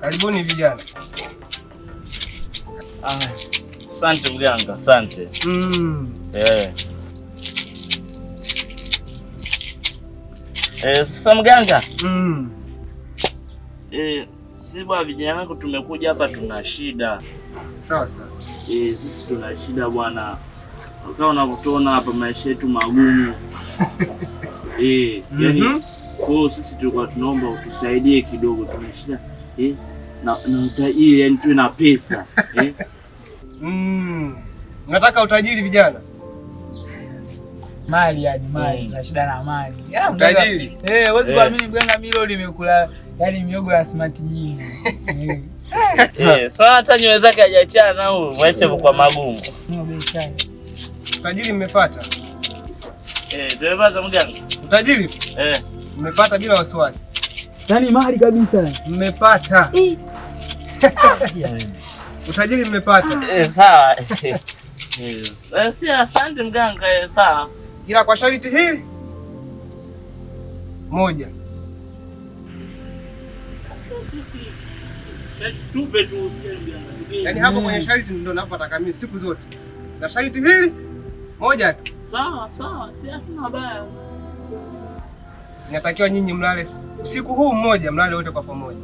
Karibuni vijana. Ah, asante mganga, asante. Mm. Eh. Eh, sasa mganga. Mm. Eh, si bwana vijana wako tumekuja hapa tuna shida. Sawa sawa. Eh, sisi tuna shida bwana. Ukawa unavyotuona hapa maisha yetu magumu. Eh, yani mm -hmm. Kwa sisi tulikuwa tunaomba utusaidie kidogo, tuna shida Eh? na utajiri yani tuwe na pesa eh. Mm, nataka utajiri vijana mali yani mali mm. na shida na mali. Ah, utajiri. Eh, huwezi kuamini eh. mganga milioni imekula yani miogo ya smart nyingi. Eh, eh sasa hata nywele zake hajachana na huyo mwache kwa magumu. Utajiri mmepata? Eh, tumepata mganga. Utajiri? Eh. Mmepata bila wasiwasi. Yaani mali kabisa. Mmepata. Utajiri mmepata. Eh, sawa. Eh, asante mganga, eh, sawa. Ila kwa sharti hili moja. Yaani hapo kwenye sharti ndio napataka mimi siku zote. Na sharti hili moja tu. Sawa sawa, si hatuna baya. Natakiwa nyinyi mlale usiku huu mmoja, mlale wote kwa pamoja.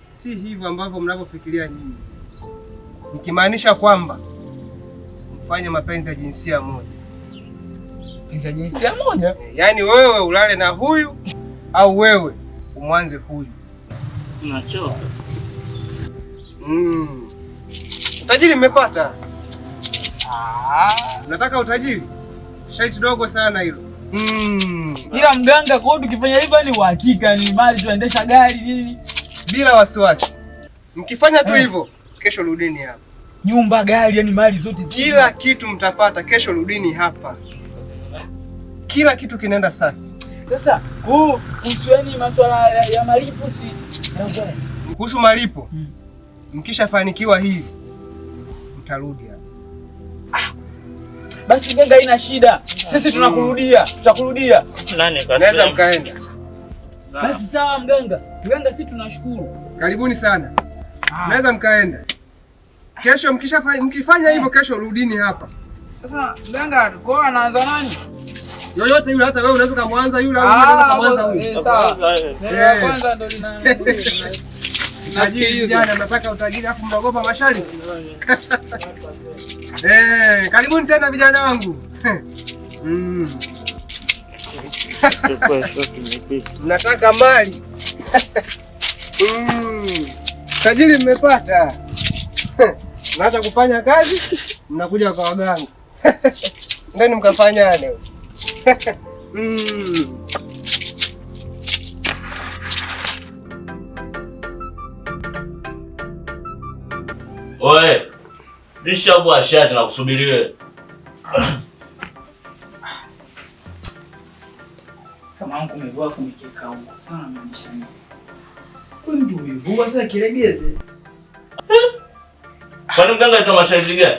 Si hivyo ambavyo mnavyofikiria nyinyi, nikimaanisha kwamba mfanye mapenzi ya jinsia moja. Mapenzi ya jinsia moja? Eh, yaani wewe ulale na huyu au wewe umwanze huyu. Unachoka. Mm. Tajiri mmepata? Ah, unataka utajiri shaiti dogo sana hilo. Mm. Ila mganga, kwa hiyo ukifanya hivyo ni uhakika ni mali tuendesha gari nini bila wasiwasi. Mkifanya tu eh. hivyo eh, kesho rudini hapa. Nyumba, gari, yani mali zote kila kitu mtapata kesho rudini hapa. Kila kitu kinaenda safi. Sasa, huu usiweni masuala ya ya malipo si. Kuhusu malipo. hmm. Mkishafanikiwa hivi utarudi ah. Basi genge, haina shida, sisi tunakurudia, tutakurudia. Naweza mkaenda basi. Sawa mganga. Mganga, sisi tunashukuru, karibuni sana. Ah. Naweza mkaenda kesho, mkishafanya mkifanya hivyo kesho rudini hapa. Sasa mganga kwa anaanza nani? Yoyote yule, hata wewe unaweza kumwanza yule au ah, unaweza kumwanza eh, huyu. Sawa. Eh. Kwanza ndo linaanza. nataka utajiri afu mnaogopa mashariki. Eh, karibuni tena vijana wangu. Mm. Mnataka mali mm. tajiri, mmepata mnaacha kufanya kazi, mnakuja kwa waganga ndeni mkafanyane. Mm. Oe, nishavua shati na kusubiri wewe. Kwani mganga alitoa masharti gani?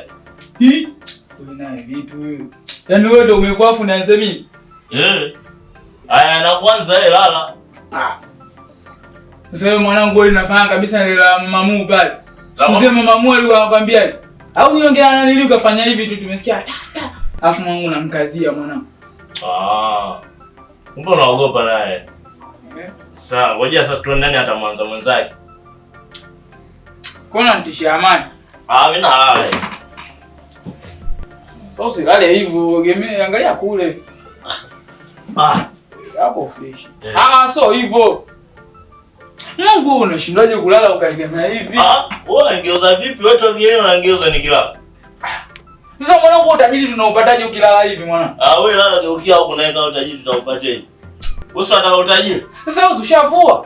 Yaani wewe ndio umevua afu naanze mimi? Eh. Aya na kwanza yeye lala. Ah. Sasa mwanangu wewe unafanya kabisa ni la mamu pale. Mzee mama mwali wakwambia au niongea na nili kafanya hivi tu tumesikia afu mwangu na namkazia mwanangu. Ah. Mbona unaogopa naye? Okay. Sawa, wajia sasa tuwe nani hata mwanza mwenzake. Kona nitishia amani. Ah, mina na lala. Sasa usilale hivyo, gemea angalia kule. Ah. Hapo fresh. Eh. Ah, so hivyo. Mungu unashindaje kulala ukaegemea hivi? Ah, wewe unangeuza vipi? Wewe tangu yeye ni kila. Sasa mwanangu utajiri tunaupataje ukilala hivi mwana? Ah, wewe lala geukia huko na yeye utajiri tutaupataje? Usi ata utajiri. Sasa wewe ushavua.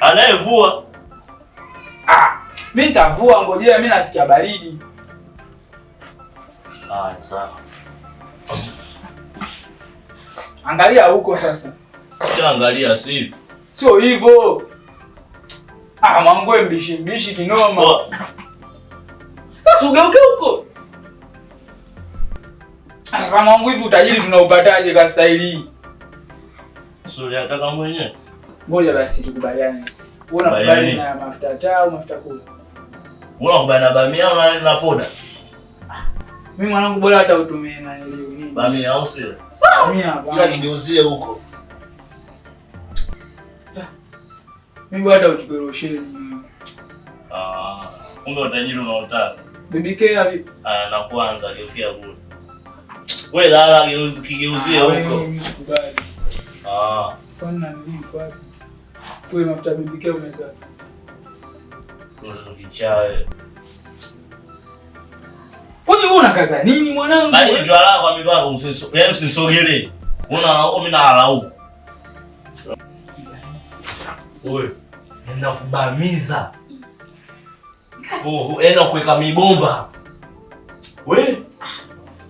Anayevua. Ah, mimi nitavua ngojea mimi nasikia baridi. Ah, sawa. Angalia huko sasa. Sasa Angalia sipi. Sio hivyo. Ah, mwangu mbishi mbishi kinoma. Sasa ugeuke huko. Sasa mwangu, hivi utajiri tunaupataje kwa staili hii? Sio ya kaka mwenyewe. Ngoja basi tukubaliane. Wewe unakubali na mafuta taa au mafuta kula? Wewe unakubali na bamia na na poda? Mimi mwanangu, bora hata utumie na nilio mimi. Bamia au sio? Bamia. Kila niuzie huko. Mungu hata uchukue rosheni wewe. Ah, kumbe utajiri unaotaka. Bibi Kea vipi? Ah, na kwanza aliokea kule. Wewe lala geuzi kigeuzie huko. Mimi sikubali. Ah. Kwani na mimi kwa wapi? Wewe mafuta Bibi Kea umeweka. Unataka kichawe. Kwani wewe unakaza nini mwanangu? Bali ndio ala kwa mipaka usiso. Yaani usisogelee. Unaona huko mimi na ala huko. Wewe na kubamiza oh, enda yaani kuweka mibomba we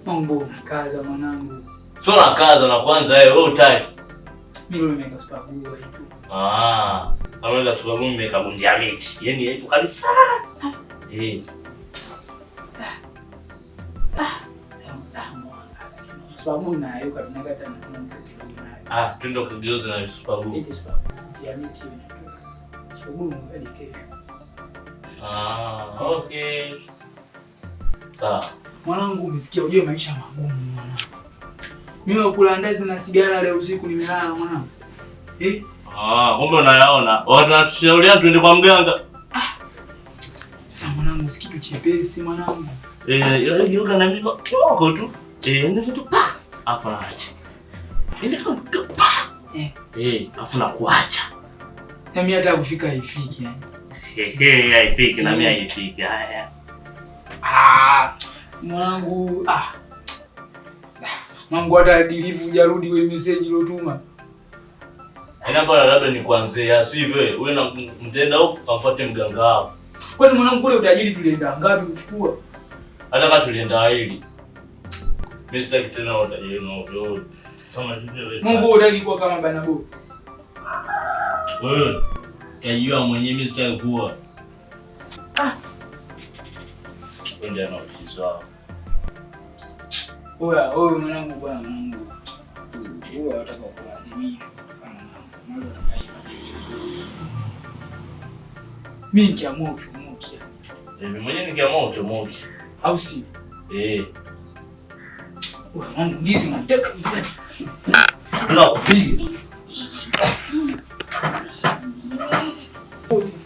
mambo kaza mwanangu, sio na kaza na kwanza wewe utaki mimi sababu hiyo ah, kama miti yani hapo kabisa eh. ah, twende kugeuza na sababu bundia Ah, mwanangu, umesikia ujue maisha magumu mwanangu. Mimi kula ndazi na sigara leo usiku nimelala mwanangu. Eh? Ah, kumbe unayaona. Wanatushauriana tuende kwa mganga. Ah. Sasa mwanangu, si kitu chepesi mwanangu. Eh, ila yoga na mimi kidogo tu. Eh, ndio kitu pa. Afa naacha. Ndio kitu pa. Eh. Eh, afu na kuacha. Na mimi hata kufika haifiki yani. Hehe, haifiki na mimi eh. haifiki. Haya. Ah, mwanangu ah. Mwanangu hata delivery jarudi wewe message ilotuma. Haina bora labda ni kuanzia sivyo? Wewe na mtenda huko kamfuate mganga wako. Kwani mwanangu kule utajiri tulienda ngapi kuchukua? Hata kama tulienda hili. Mimi sitaki tena utajiri na ovyo. Mungu utaki kuwa kama Barnaba. Wewe kajua mwenyewe mimi sitaki kuwa. Ah. Ndio nakusikia. mwanangu bwana Mungu. Wewe unataka kuadhimisha sana na mambo yatakaiba. Mimi nikiamua uchomoke. Eh, mimi mwenyewe nikiamua uchomoke. Au si? Eh. Wewe mwanangu ndizi unataka. Tunakupiga.